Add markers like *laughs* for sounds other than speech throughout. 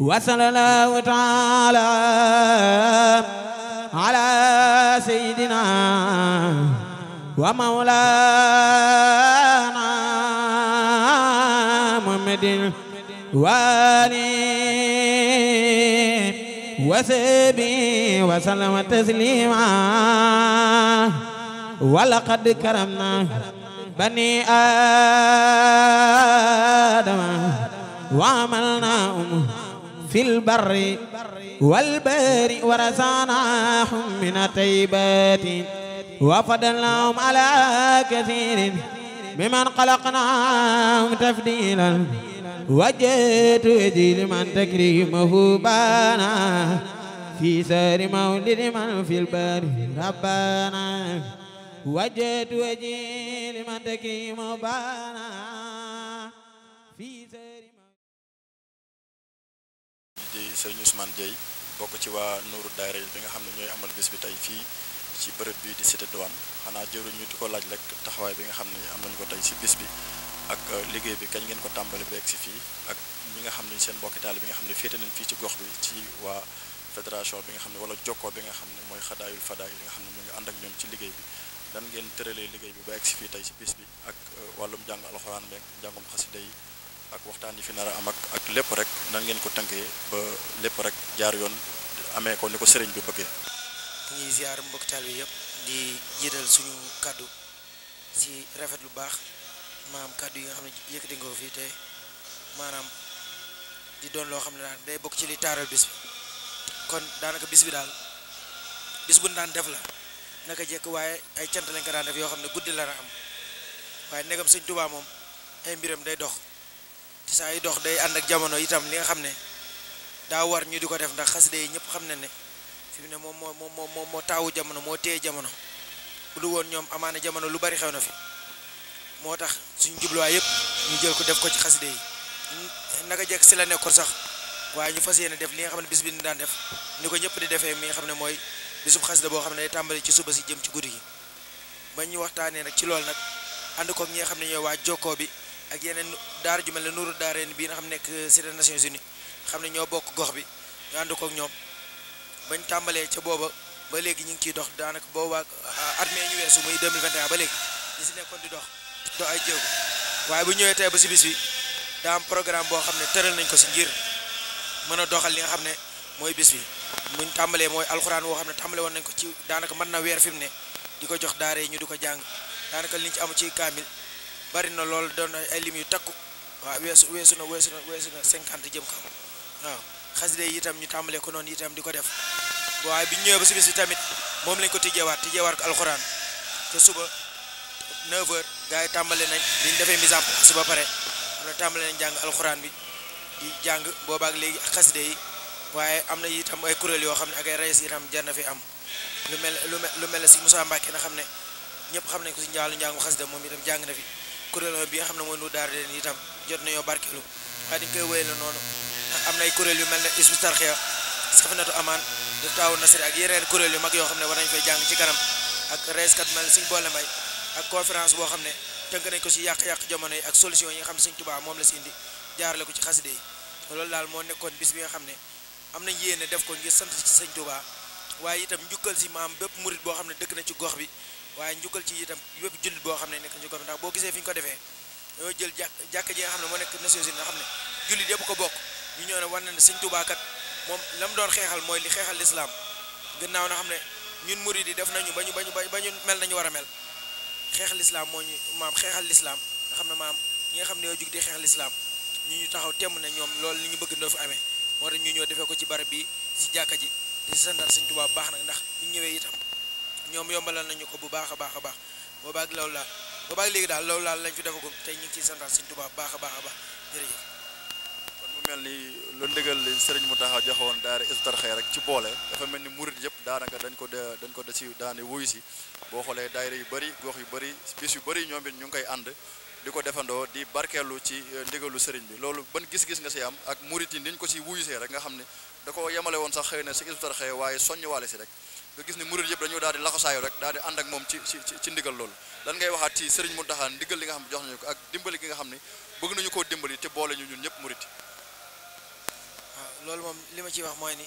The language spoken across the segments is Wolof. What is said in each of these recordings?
وصلى الله تعالى على سيدنا ومولانا محمد وآله وصحبه وسلم تسليما ولقد كرمنا بني آدم وعملناهم في البر والبار ورزقناهم من الطيبات وفضلناهم على كثير ممن خلقناهم تفضيلا وجهت وجهي لمن تكريمه بانا في سار مولد من في البر ربنا وجهت وجهي لمن تكريمه بانا في سار ci di Serigne Ousmane Dieye bokk ci waa Nuuru Daara bi nga xam ne ñooy amal bis bi tey fii ci bërëb bi di cité douane xanaa jëru ñu di ko laaj rek taxawaay bi nga xam ne am nañu ko tey si bis bi ak euh, liggéey bi kañ ngeen ko tàmbali beeg si fii ak ñi nga xam ne seen mbokki taal bi nga xam ne féete nañ fii ci gox bi ci waa fédération bi nga xam ne wala jokkoo bi nga xam ne mooy xadaayul fadaay li nga xam ne mu ngi ànd ak ñoom ci liggéey bi ngeen tëralee liggéey bi ba si fii tey si bis bi ak euh, wàllum jàng alxuraan beeg njàngum xasida yi ak waxtaan yi fi nar a ak lépp rek nan ngeen ko tënkee ba lépp rek jaar yoon amee ko ni ko sëriñ bi bëggee. ñuy ziar mbokk taal bi yëpp di jiital suñu kàddu si rafet lu baax maanaam kàddu yi nga xam ne di nga ko fii te maanaam di doon loo xam ne daan day bokk ci li taaral bis bi kon daanaka bis bi daal bis bu daan def la naka jekk waaye ay cant lañ ko daan def yoo xam ne guddi la na am waaye ndegam sëñ Tuubaa moom ay mbiram day dox. ci saa yi dox day ànd ak jamono itam li nga xam ne daa war ñu di ko def ndax xasida yi ñëpp xam ne ne fi mu ne moom moo moo moo moo taawu jamono moo téye jamono bu du woon ñoom amaana jamono lu bari xew na fi moo tax suñu jubluwaay yëpp ñu jël ko def ko ci xasida yi naka jekk si la nekkoon sax waaye ñu fas yéene def li nga xam ne bis bi ñu daan def ni ko ñëpp di defee mi nga xam ne mooy bisub xasida boo xam ne day tàmbali ci suba si jëm ci guddi gi ba ñu waxtaanee nag ci loolu nag ànd koog ñi nga xam ne ñooy waa jokkoo bi ak yeneen daar ju mel ne nuuru daareen bii na xam nekk cité Nations Unies xam ne ñoo bokk gox bi ñu ko ak ñoom bañ tàmbalee ca booba ba léegi ñu ngi ciy dox daanaka booba ah, at mee ñu weesu muy 2021 ba léegi ñi si nekkoon di dox dox ay jéego waaye bu ñëwee tey ba si bis bi daa am programme boo xam ne tëral nañ ko si ngir mën a doxal li nga xam ne mooy bis bi ñu tàmbalee mooy alxuraan woo xam ne tàmbale woon nañ ko ci daanaka mën na weer fi mu ne di ko jox daara yi ñu di ko jàng daanaka liñ ci amu ci kaamil bari na lool doon ay lim yu takku waaw weesu weesu na weesu na weesu na cinquante jëm kaw waaw xasida yi itam ñu tàmbalee ko noonu itam di ko def waaye bi ñëwee ba si bis bi tamit moom lañ ko tijjeewaat tijjeewaat ko alxuraan te suba 9h gars yi tàmbale nañ liñ defee misam suba pare wala tàmbale nañ jàng alxuraan bi di jàng boobaak léegi xaside yi waaye am na itam ay kuréel yoo xam ne ak ay rayes itam jar na fi am lu mel lu mel lu mel ne si Moussa Mbacke na xam ne ñëpp xam nañ ko si njaalu njàngu xasida moom itam jàng na fi kuréel bi nga xam ne mooy nu daara leen itam jot nañoo barkeelu waaye dañ koy wéyal noonu ndax am na ay kuréel yu mel ne Hizbut Tarqiyyah Safinatoul Aman di taawu Nasri ak yeneen kuréel yu mag yoo xam ne war nañ fay jàng ci kanam ak reeskat mel suñ boole mbay ak conférence boo xam ne tënk nañ ko si yàq-yàq jamono yi ak solution yi nga xam ne suñ tubaa moom la si indi jaarale ko ci xaside yi loolu daal moo nekkoon bis bi nga xam ne am nañ yéene def ko ngir sant ci sëñ tubaa waaye itam njukkal si maam bépp murit boo xam ne dëkk na ci gox bi waaye njukkal ci itam yëpp jullit boo xam ne nekk njukkal ndax boo gisee fi ñu ko defee dañoo jël jàkk jàkk ji nga xam ne moo nekk Nations Unies xam ne jullit yëpp ko bokk ñu ñëw ne war na ne sëñ Tuubaa kat moom lam doon xeexal mooy li xeexal lislaam gannaaw na xam ne ñun murid yi def nañu ba ñu ba ñu ba ñu mel nañu war a mel xeexal lislaam moo ñu maam xeexal lislaam nga xam ne maam ñi nga xam ne yoo jug di xeexal lislaam ñu ñu taxaw temm ne ñoom loolu li ñu bëgg ndoo fi amee moo a ñu ñëw defee ko ci barab bi si jàkka ji ñu di santal sëñ Tuubaa baax nag ndax ñu ñëwee itam ñoom yombalal nañu ko bu baax a baax a baax boobaag loolu laal boobaag léegi daal loolu laal lañ fi defagum tey ñu ngi ciy santaat Sëriñ Tuubaa baax a baax a baax jërëjëf kon mu mel ni lu ndigal li Sëriñ Muntaxa joxoon daara Hizbut-Tarqiyyah rek ci boole dafa mel ni murit yëpp daanaka dañ ko de dañ ko si daane wuyu si boo xoolee daayira yu bari gox yu bëri bis yu bari ñoom it ñu ngi koy ànd di ko defandoo di barkeelu ci eh, ndigalu sëriñ bi loolu ban gis-gis nga si am ak murit yi niñ ko si wuyusee rek nga xam ne da ko yemale woon sax xëy na si Hizbut-Tarqiyyah waaye soññuwaale si rek nga gis ne murid yëpp dañoo daal di laxasaayu rek daal di ànd ak moom ci ci ci ndigal loolu lan ngay waxaat ci Serigne Mountakha ndigal li nga xam ne jox nañu ko ak dimbali gi nga xam ne koo dimbali te boole ñu ñun ñëpp murid waaw ah, loolu moom li ma ciy wax mooy ni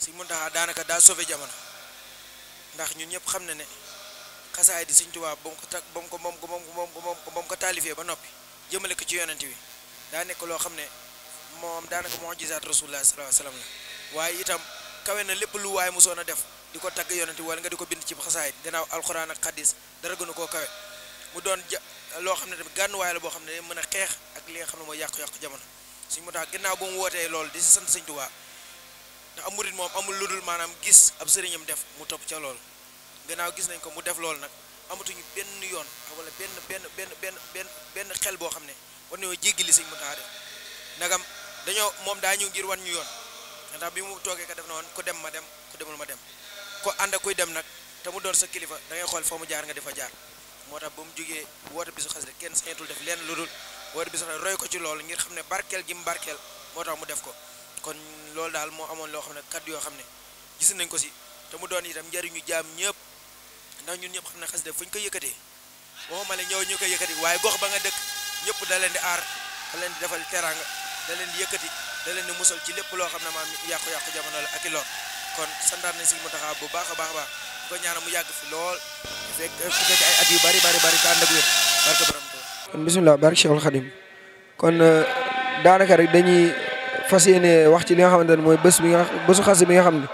si Mountakha daanaka daa sauvé jamono ndax ñun ñëpp xam na ne xasaay di Serigne Touba ba mu ko moom ko moom moom ko moom ko moom ko taalifee ba noppi jëmale ko ci yonent wi daa nekk loo xam ne moom daanaka mujizaat moo sallallahu alayhi wasallam la waaye itam kawe na lépp lu waaye mosoon a def di ko tagg yonent bi wala nga di ko bind ci xasaayit gannaaw alxuraan ak xadis dara a koo kawe mu doon ja loo xam ne tamit gànnuwaay la boo xam ne day mën a xeex ak li nga xam ne mooy yàqu-yàqu jamono suñ mu taa gannaaw ba mu wootee loolu di si sant sëñ Tuubaa ndax am murit moom amul lu dul maanaam gis ab sëriñam def mu topp ca lool gannaaw gis nañ ko mu def loolu nag amatuñu benn yoon wala benn benn benn benn benn benn xel boo xam ne war nañoo jéggi li sëñ mu dañoo moom daa ñëw ngir wan ñu yoon ndax bi mu toogee ka def na woon ku dem ma dem ku demul ma dem ko ànd ak kuy dem nag te mu doon sa kilifa da ngay xool foo mu jaar nga di fa jaar moo tax ba mu jógee woote bisu xasida kenn sañatul def leen lu dul woote bisu xasida ko ci loolu ngir xam ne barkeel gi mu barkeel moo tax mu def ko kon loolu daal moo amoon loo xam ne kaddu yoo xam ne gis nañ ko si te mu doon itam njëriñu jaam ñëpp ndax ñun ñëpp xam ne xasida fu ñu ko yëkkatee waxuma ne ñëw ñu ko yëkkati waaye gox ba nga dëkk ñëpp da leen di aar da leen di defal teraanga da leen di yëkkati da leen di musal ci lépp loo xam ne maam yàqu-yàqu jamono la ak i lor kon santaat nañ Sëriñ Muntaxa bu baax a baax a baax ko ñaanal mu yàgg fi lool fekk fu fekk ay at yu bari bari bari te ànd ak wér barke borom kon bisimilah barke kon euh, daanaka rek dañuy fas yéene wax ci li nga xamante ne mooy bés bi nga bésu xas bi nga xam ne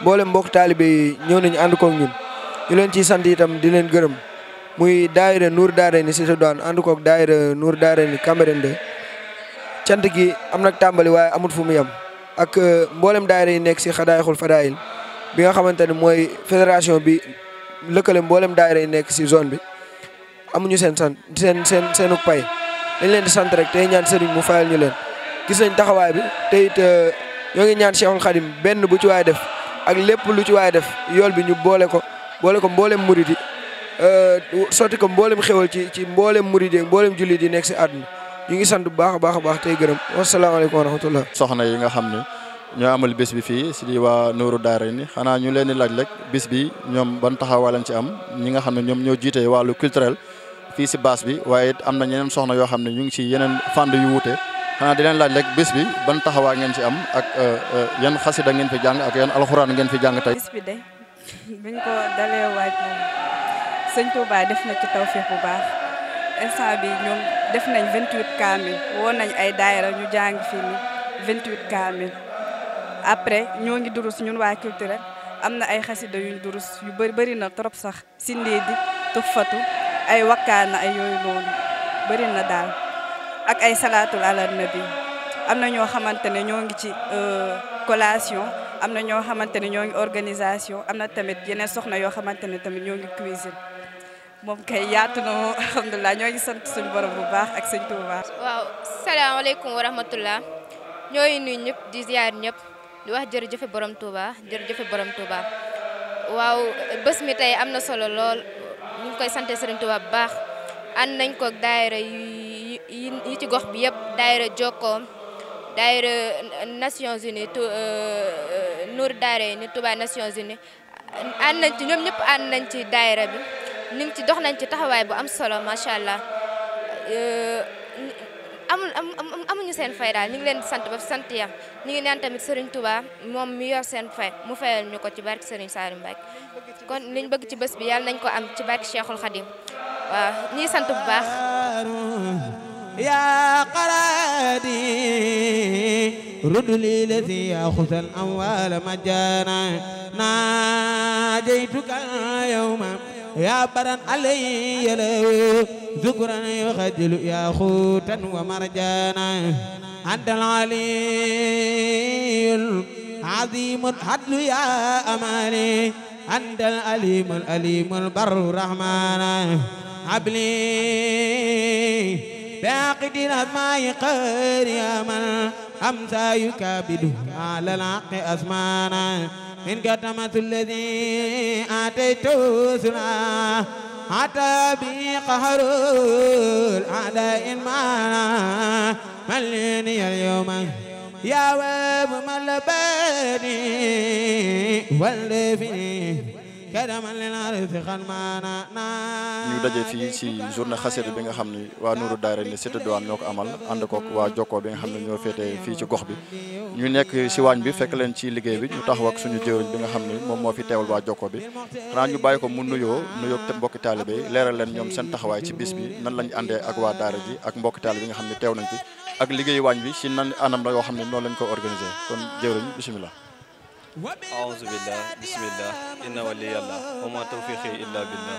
mboolem mbokk taalibe yi ñëw nañu ànd koog ñun ñu leen ciy sant itam di leen gërëm muy daayira Nour Daarayni Cité Douane ànd koog daayira Nour Daarayni Cambérène cant gi am nag tàmbali waaye amul fu mu yem ak euh, mboolem daayira yi nekk si xadaayixul fadaayil bi nga xamante ne mooy fédération bi lëkkale mboolem daayira yi nekk si zone bi amuñu seen sant seen seen seenu pay dañ leen di sant rek tey ñaan sëriñ mu fayal ñu leen gis taxawaay bi teyit it euh, ñoo ngi ñaan Cheikhul Khadim benn bu ci waay def ak lépp lu ci waaye def yool bi ñu boole ko boole ko mboolem murid yi euh, sotti ko mboolem xewal ci ci mboolem murid yi mboolem jullit yi nekk si àdduna ñu ngi sant bu baax a baax a baax tey gërëm wasalaamaaleykum wa rahmatullah soxna yi nga xam ne ñoo amal bis bi fii si di waa Nuuru ni xanaa ñu leen di laaj rek bis bi ñoom ban taxawaay lañ ci am ñi nga xam ne ñoom ñoo jiite wàllu culturel fii si base bi waaye it am na ñeneen soxna yoo xam ne ñu ngi si yeneen fànn yu wute xanaa di leen laaj rek bis bi ban taxawaay ngeen ci am ak euh, euh, yan xasida ngeen fi jàng ak yan alxuraan ngeen fi jàng tey. bis bi de *laughs* biñ ko dalee waaj moom sëñ instant bi ñoom def nañ vingt 28 kaamil woo nañ ay daayira ñu jàng fii vingt 28 kaamil après ñoo ngi durus ñun waa culturel am na ay xasida yuñ durus yu bëri bëri na trop sax si ndéedi tuffatu ay wakkaana ay yooyu noonu bëri na daal ak ay salaatul ala bi am na ñoo xamante ne ñoo ngi ci euh, collation am na ñoo xamante ne ñoo ngi organisation am na tamit yeneen soxna yoo xamante ne tamit ñoo ngi cuisine moom kay yaatu na moom alhamdulilah ñoo ngi sant suñu borom bu baax ak sëñ Touba. waaw salaamaaleykum wa rahmatullah ñooy ngi nuyu ñëpp di ziar ñëpp di wax jërëjëfe borom jër jërëjëfe borom Touba waaw bés mi tey am na solo lool mu koy sante sëriñ Touba bu baax ànd nañ ko daayira yi ci gox bi yëpp daayira Jokkoom daayira Nations Unies euh, euh, Nour Daara ni Touba Nations Unies ànd nañ ci ñoom ñëpp ànd nañ ci daayira bi. ni ci dox nañ ci taxawaay bu am solo macha allah euh, amuñu seen fay daal ñu leen di sant ba sant yam ñu ngi naan tamit Serigne Touba moom mi yor seen fay mu fayal ñu ko ci barke Serigne Saliou Mbacké kon liñ bëgg ci bés bi yàlla nañ ko am ci barke Cheikhul Khadim waaw ñuy sant bu baax. يا قرادي رد لي الذي ياخذ الاموال مجانا ناجيتك يوما يا برا علي يلوي ذكرا يخجل يا خوتا ومرجانا أنت العلي العظيم الحدل يا أماني أنت الأليم الأليم البر الرحمن عبلي باقد الأسماء قير يا من أمسى يكابده على العق أسمانا إن قدمت الذي آتيته سنا حتى بي قهر الأعداء معنا ملني اليوم يا واب ملباني والفني ñu daje fii ci journée xasida bi nga xam ni waa Nuuru Daara ni Cité Douane ñoo ko amal ànd ko waa Jokkoo bi nga xam ne ñoo féetee fii ci gox bi ñu nekk si waañ bi fekk leen ci liggéey bi ñu taxaw suñu jëwriñ bi nga xam ne moom moo fi teewal waa Jokkoo bi xanaa ñu bàyyi ko mu nuyoo nuyoo te mbokki taalibe yi leeral leen ñoom seen taxawaay ci bis bi nan lañu àndee ak waa Daara ji ak mbokki taalibe yi nga xam ne teew nañ fi ak liggéey waañ bi si nan anam la yoo xam ne noonu lañ ko organisé kon jëwriñ aouzu billah bismillah inna waliyallah wa ma tawfiqi illa billah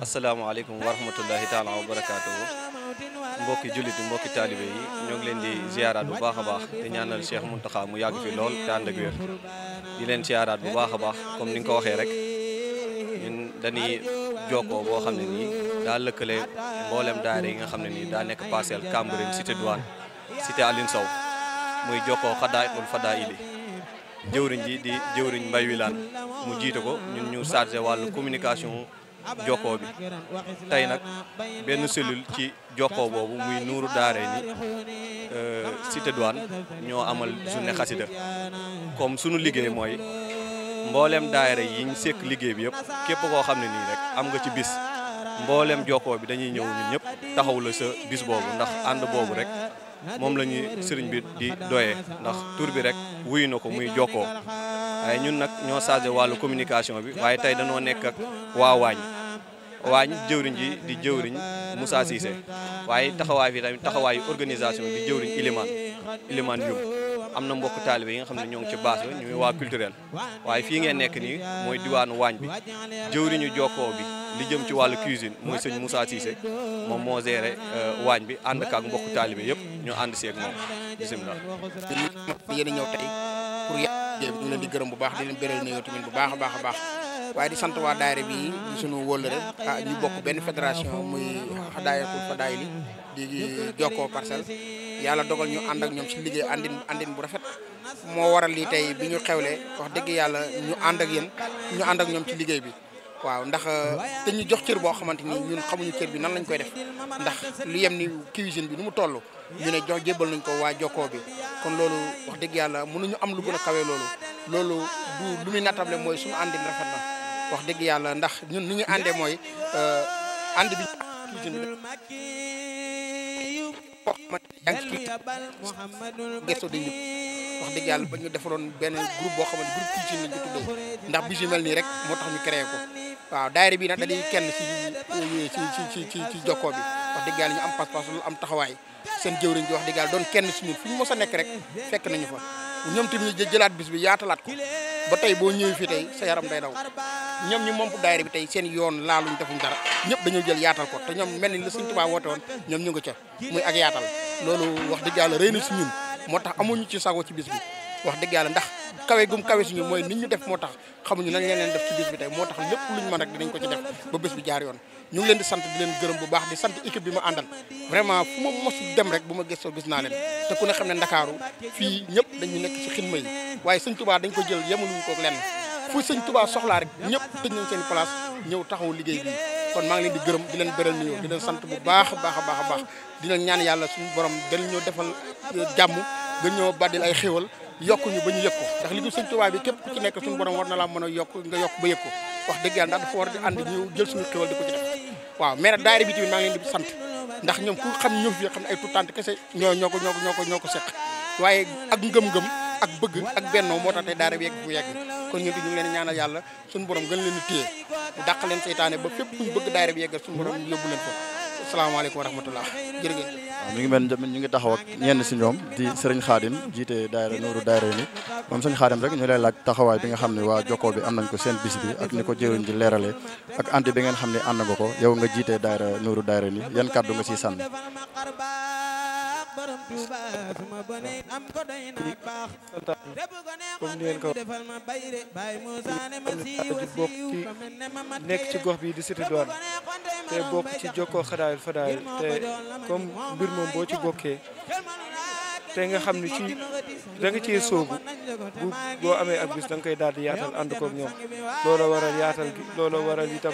asalaamaaleykum wa rahmatullahi taala wa mbokki jullit yi mbokki taalibe yi ñoo ngi leen di ziaraat bu baax a baax di ñaanal Cheikh Mountakha mu yàgg fi lool te ànd ak di leen ziaraat bu baax a baax comme ni nga ko waxee rek ñun dañuy jokkoo boo xam ne nii daa lëkkale mboolem daara yi nga xam ne nii daa nekk Parcelles Cambérène cité douane cité Aline Sow muy jokkoo xadaayul fadaayili jëwriñ ji di jëwriñ Mbay Wilaan mu jiite ko ñun ñu chargé wàllu communication jokkoo bi tey nag benn cellule ci jokkoo boobu muy nuuru daare ni euh, cité douane ñoo amal journée xasida comme sunu liggéey mooy mbooleem daayira yi ñu sekk liggéey bi yëpp képp koo xam ne nii rek am nga ci bis mbooleem jokkoo bi dañuy ñëw ñun ñëpp taxaw la sa bis boobu ndax ànd boobu rek moom la ñuy sëriñ bi di doyee ndax tur bi rek wuyu na ko muy jokkoo waaye ñun nag ñoo chargé wàllu communication bi waaye tey dañoo nekk ak waa waañ waañ jëwriñ ji di jëwriñ Moussa Cissé waaye taxawaay bi tamit taxawaayu organisation di jëwriñ Iliman Iliman Dioum am na mbokk taalibe yi nga xam ne ñoo ngi ci base ba ñuy waa culturel waaye fii ngeen nekk nii mooy diwaanu waañ bi jëwriñu jokkoo bi di jëm ci wàllu cuisine muy sëñ Moussa Cissé moom moo géré euh, waañ bi ànd ak mbokku taalibe yëpp ñu ànd seeg moom bisimilah. yéen a ñëw tey pour yàlla ñu di gërëm bu baax di leen béral nuyoo bu baax baax a baax waaye di sant waa daayira bi di sunu ah, ñu bokk benn fédération muy daayira pour fa daayili di jokkoo parcelle yàlla dogal ñu ànd ak ñoom ci liggéey àndin àndin bu rafet moo waral lii tey bi ñu xewle wax dëgg yàlla ñu ànd ak yéen ñu ànd ak ñoom ci liggéey bi. waaw ndax te euh, ñu jox cër boo xamante ni ñun xamuñu cër bi nan lañ koy def ndax lu yem ni cuisine bi nu mu toll ñu ne jox jébbal nañ ko waa jokkoo bi kon loolu wax dëgg yàlla mënuñu am lu gën a loolu loolu du lu muy natable mooy suñu àndin rafet na wax dëgg yàlla ndax ñun ni ñu àndee mooy euh, ànd bi cuisine bi gesto di ñu wax dëgg yàlla ba ñu defaloon benn groupe boo xamante groupe cuisine lañ ndax bi si nii rek moo tax ñu créé ko waaw daayira bi nag dañuy kenn si ci ci ci ci jokkoo bi wax dëgg yàlla ñu am pas-pas lu am taxawaay seen jëwriñ ji wax dëgg doon kenn ci ñun fu ñu mos a nekk rek fekk nañu fa ñoom tamit ñu jëlaat bis bi yaatalaat ko ba tey boo ñëwee fii tey sa yaram day daw ñoom ñu moom daayira bi tey seen yoon laaluñ defuñ dara ñëpp dañoo jël yaatal ko te ñoom mel ni la Sëñ woo woote woon ñoom ñu nga ca muy ak yaatal loolu wax dëgg yàlla rëy na ci ñun moo tax amuñu ci sago ci bis bi wax dëgg yàlla ndax kawe gum kawe suñu mooy nit ñu def moo tax xamuñu nañ leen leen def ci bis bi tey moo tax lépp luñ mën rek dinañ ko ci def ba bés bi jaar yoon ñu leen di sant di leen gërëm bu baax di sant équipe bi ma àndal vraiment fu ma dem rek bu ma gëstoo gis naa leen te ku ne xam ne ndakaaru fii ñëpp dañu nekk ci xinma yi waaye sëñ tubaa dañ ko jël yemuñu ko lenn fu sëñ tubaa soxlaa rek ñëpp tëj nañ seen place ñëw taxaw liggéey bi kon maa ngi leen di gërëm di leen bëral nuyoo di leen sant bu baax baax a baax a baax di leen ñaan yàlla suñu borom dañ ñoo defal jàmm gën ñoo baddil ay xéwal yokk ñu ba ñu yëg ko ndax liggéey sëñ Tuubaa bi képp ku ci nekk suñu borom war na laa mën a yokk nga yokk ba yëg ko wax dëgg yàlla ndax dafa war di ànd ñu jël suñu xéwal di ko ci maa ngi leen sant ndax ñoom xam ñëw fi xam ne ay tuutànt kese ñoo ko ñoo ñoo ko ñoo ko seq waaye ak ngëm-ngëm ak bëgg ak bennoo moo tax tey daayira bi yegg bu yegg kon ñun ñu ngi leen ñaanal yàlla suñu borom gën leen téye daq leen seytaane ba fépp kuñ bëgg daayira bi yeggal suñu borom yóbbu leen ko asalaamaaleykum wa rahmatullah jërëjëf ñu ngi mel ñu ngi taxaw ak ñenn si ñoom di sëriñ xaadim jiite daayira Nuuru Daarayni moom sëriñ xaadim rek ñu lay laaj taxawaay bi nga xam ne waa Jokkoo bi am nañ ko seen bis bi ak ni ko jëriñ di leeralee ak ànd bi ngeen xam ne ànd nga ko yow nga jiite daayira Nuuru Daarayni yan kàddu nga siy sànni borom Tuuba su ma ko doy naak baax te ko neexoon ñu mu a siiw ba nekk ci gox bi di Siti Douane ci jokkoo xadaayul fadaayul te comme mbir moom boo ci bokkee te nga xam ni ci da nga cee soobu bu boo amee ak bis da nga koy daal di yaatal ànd koog ñoom looloo waral yaatal gi looloo waral itam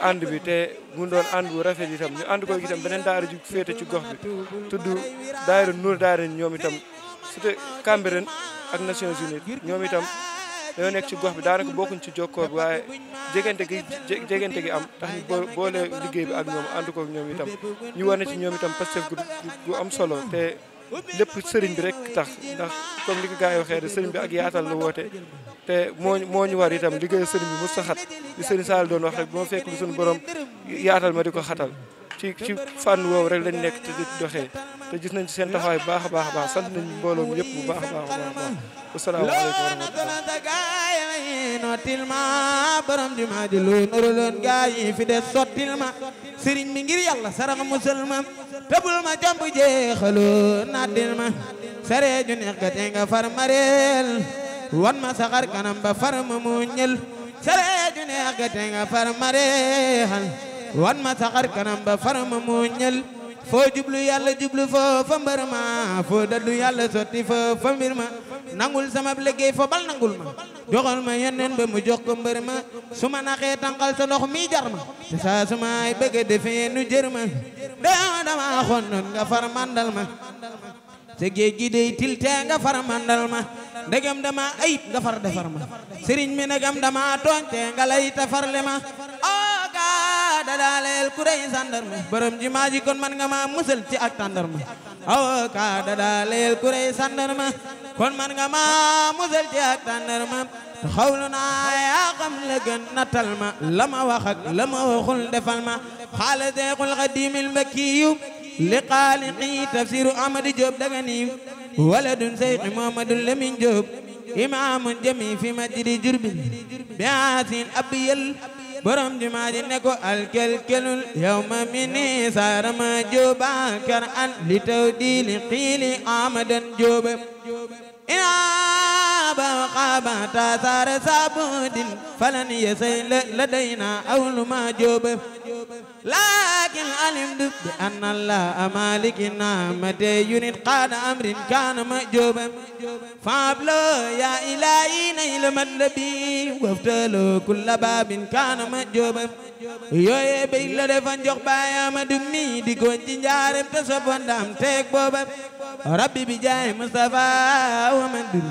ànd bi te mu doon ànd bu rafet itam ñu ànd ko itam beneen daara ju féete ci gox bi tudd daayira Nour daayira ñoom itam surtout Cambérène ak Nations Unies ñoom itam dañoo nekk ci gox bi daanaka bokkuñ ci jokkoor waaye jegante gi jegante gi am tax ñu boole liggéey bi ak ñoom ànd ko ñoom itam ñu wane ci ñoom itam pastef gu am solo lépp sëriñ bi rek tax ndax comme li gaa gars yi waxee de sëriñ bi ak yaatal la woote te moo moo ñu war itam liggéey sëriñ bi mos a xat li sëriñ Sall doon wax rek bu ma fekk lu suñu borom yaatal ma di ko xatal ci ci fànn woowu rek lañ nekk ci di doxee te gis nañ ci seen taxawaay bu baax a baax a baax sant nañ mbooloo mi yëpp bu baax a baax a baax asalaamaaleykum yi ma borom jumaa ji luy nuruloon gaa yi fi des sottil ma sëriñ mi ngir yàlla sarax musulma tëbul ma jomb jeexaloo nattil ma sare neex ga tee nga far mareel wan ma saxar kanam ba far ma muñal sare ju neex ga tee far mareel wan ma saxar kanam ba far ma muñal foo jublu yàlla jublu foo fa mbër ma foo daddu yàlla sotti foo fa mbir ma nangul sama liggéey fo bal nangul ma joxal ma yeneen ba mu jox ko mbër ma su ma naxee tànqal sa ndox mi jar ma te saa su maay bëgg nu jër ma dama dama xon noon nga far mandal ma te géej gi dey tilte nga far mandal ma ndegam dama ayib nga far defar ma sëriñ mi ndegam dama a tooñte nga lay tafarle ma oh dadaaleel ku dey sandarma borom ji maaji kon man nga ma musal ci ak tandarma oh aw ka dadaaleel ku dey sandarma kon man nga ma musal ci ak tàndarma te xawlu naa la gën natal ma la ma wax la ma waxul defal ma xaala seexul xadiimil mbakiyu li xaaliqi tafsiru amadi Diop dagani wala dun seyxi Muhammadu Lamin Diop imaamun jami fi masjidi Jurbel bi asin abiyal borom jumaa ji ne ko alkelkelul yawma mini saarama jooba kar an li taw di li xiili amadan jooba ina بالغابة ثار سابود فلن يسيل لدينا أول ما جوب لكن علمت بأن الله مالك النعمة يريد قاد أمر كان مأجوبا فابلو يا إلهي نيل مطلبي وافتلو كل باب كان مأجوبا yooye béy la defan jox baayam a dummi di ko ci njaareem te soppan daam teeg booba rabbi bi jaay Mustafa wa man duri